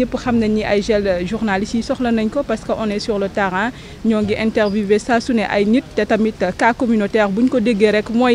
ñëpp xam nañ ni ay gel journalistes yi soxla nañ ko parce que on est sur le terrain ñoo ngi interviewé saa su ne ay nit te tamit cas communautaire buñ ko déggee rek mooy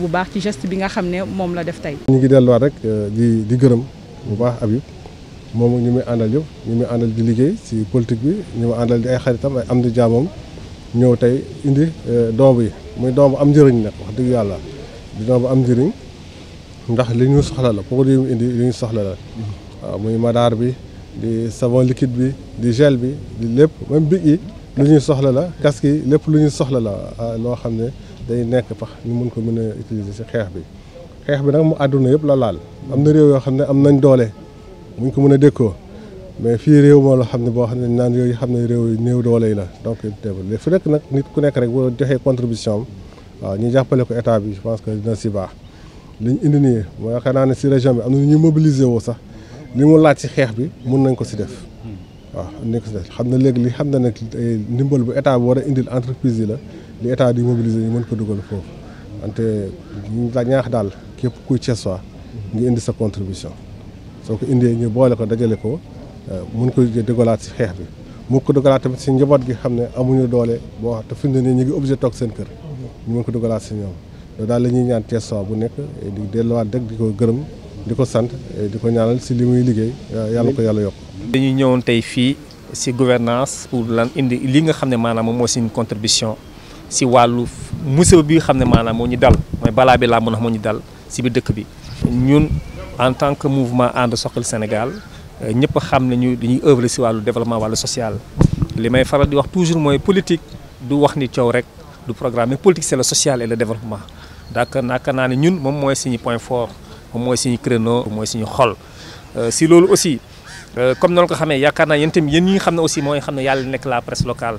bu baax ci geste bi nga xam ne moom la def tey. ñu ngi delluwaat rek euh, di di gërëm bu baax Habib moom ñu muy àndal yëpp ñu muy àndal di liggéey ci politique bi ñu mu àndal di ay xaritam ay am di jaamoom ñëw tey indi euh, doom bi muy doom bu am njëriñ nag wax dëgg yàlla di am njëriñ ndax li ñu soxla la produit mu indi li ñu soxla la waaw muy madaar bi di savon liquide bi di gel bi di lépp même big yi lu ñuy soxla la casque yi lépp lu ñuy soxla la euh, loo xam ne day nekk pax ñu mun ko mën a utiliser si xeex bi xeex bi nag mu àdduna yëpp la laal am na réew yoo xam ne am nañ doole muñ ko mën a dékkoo mais fii réew moo la xam ne boo xam ne naan yooyu xam ne réew yi néew doole yi la donc développé fu nekk ku nekk rek boo joxee contribution am ñu jàppale ko état bi je pense que dina si baax li ñu indi nii mooy xanaa ne si région bi am na ñu mobiliser woo sax li mu laaj si xeex bi mun nañ ko si def waaw am nañ ko si def xam ne léegi li xam ne nag ndimbal bu état bi war a indil entreprise yi la li état di mobiliser ñu mën ko dugal foofu wante ñu la ñaax daal képp kuy Thiessois nga indi sa contribution soo ko indee ñu boole ko dajale ko euh, mën ko dugalaat si xeex bi mën ko dugalaat si njaboot gi xam ne amuñu doole boo te fi mu ne ñu ngi obligé seen kër ñu mën ko dugalaat si ñoom loolu daal la ñuy ñaan Thiessois bu nekk di delluwaat deg di ko gërëm di ko sant di ko ñaanal si li muy liggéey yàlla ko yàlla yokk dañuy ñëwoon tey fii si gouvernance pour lan indi li nga xam ne maanaam moo suñu contribution si walu musiba bi xam manam mo ñu dal moy bala bi laa mën ñu dal si bi dëkk bi ñun en tant que mouvement ànd soxal Sénégal euh, ñëpp xam ñu dañuy œuvre si walu développement walu social li may faral di wax toujours moy politique du wax ni ciow rek du programme politique c'est le social et le développement donc naka naa ñun mom moy suñu point fort moom mooy suñu créneau moy suñu xol euh, si lolu aussi euh, comme noonu ko xamé yakarna yentim yéen ñi xamné aussi moy xamné yalla nek la presse locale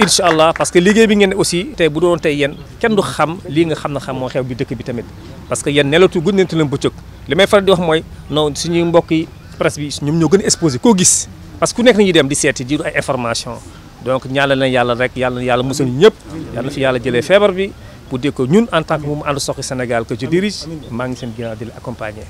Inch'Allah, parce que que bi ngeen aussi tay bu doon tay kenn du xam li nga xam na xam xew bi bi tamit parce que yéen nelatu leen di wax moy non suñu mbokk presse bi ñoom ñoo gën exposer parce que ku nekk ñi dem di di ay information donc ñaanal na yalla rek yalla na ñëpp yalla fi yalla jëlé bi pour dire que ñun en tant que And Sénégal que je dirige ma ngi seen di accompagner